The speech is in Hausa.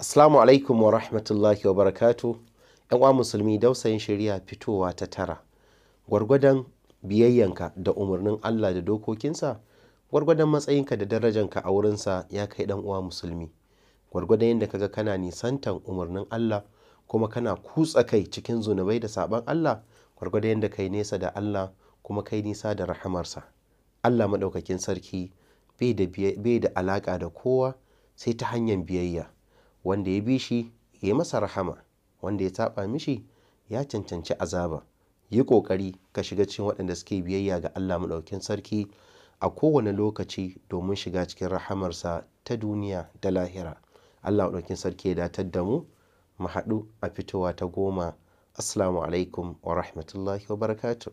Assalamu alaikum wa rahmatullahi wa barakatu. ‘Yan uwa musulmi dausayin shari'a fitowa ta tara, gwargwadon biyayyanka da umarnin Allah da dokokinsa, gwargwadon matsayinka da darajanka a wurinsa ya kai ɗan uwa musulmi. Gwargwadon yadda kaga kana nisantan umarnin Allah kuma kana kutsa kai cikin zunubai da saban Allah, gwargwadon yadda kai nesa da Allah kuma kai nisa da rahamarsa. Allah maɗaukakin sarki bai da alaƙa da kowa sai ta hanyar biyayya. wanda ya bi shi ya yi masa rahama wanda ya taba mishi ya cancanci azaba yi ƙoƙari ka shiga cikin waɗanda suke biyayya ga Allah maɗaukin sarki a kowane lokaci domin shiga cikin rahamarsa ta duniya da lahira Allah maɗaukin sarki ya datar da mu mu haɗu a fitowa ta goma assalamu alaikum wa rahmatullahi wa barakatuh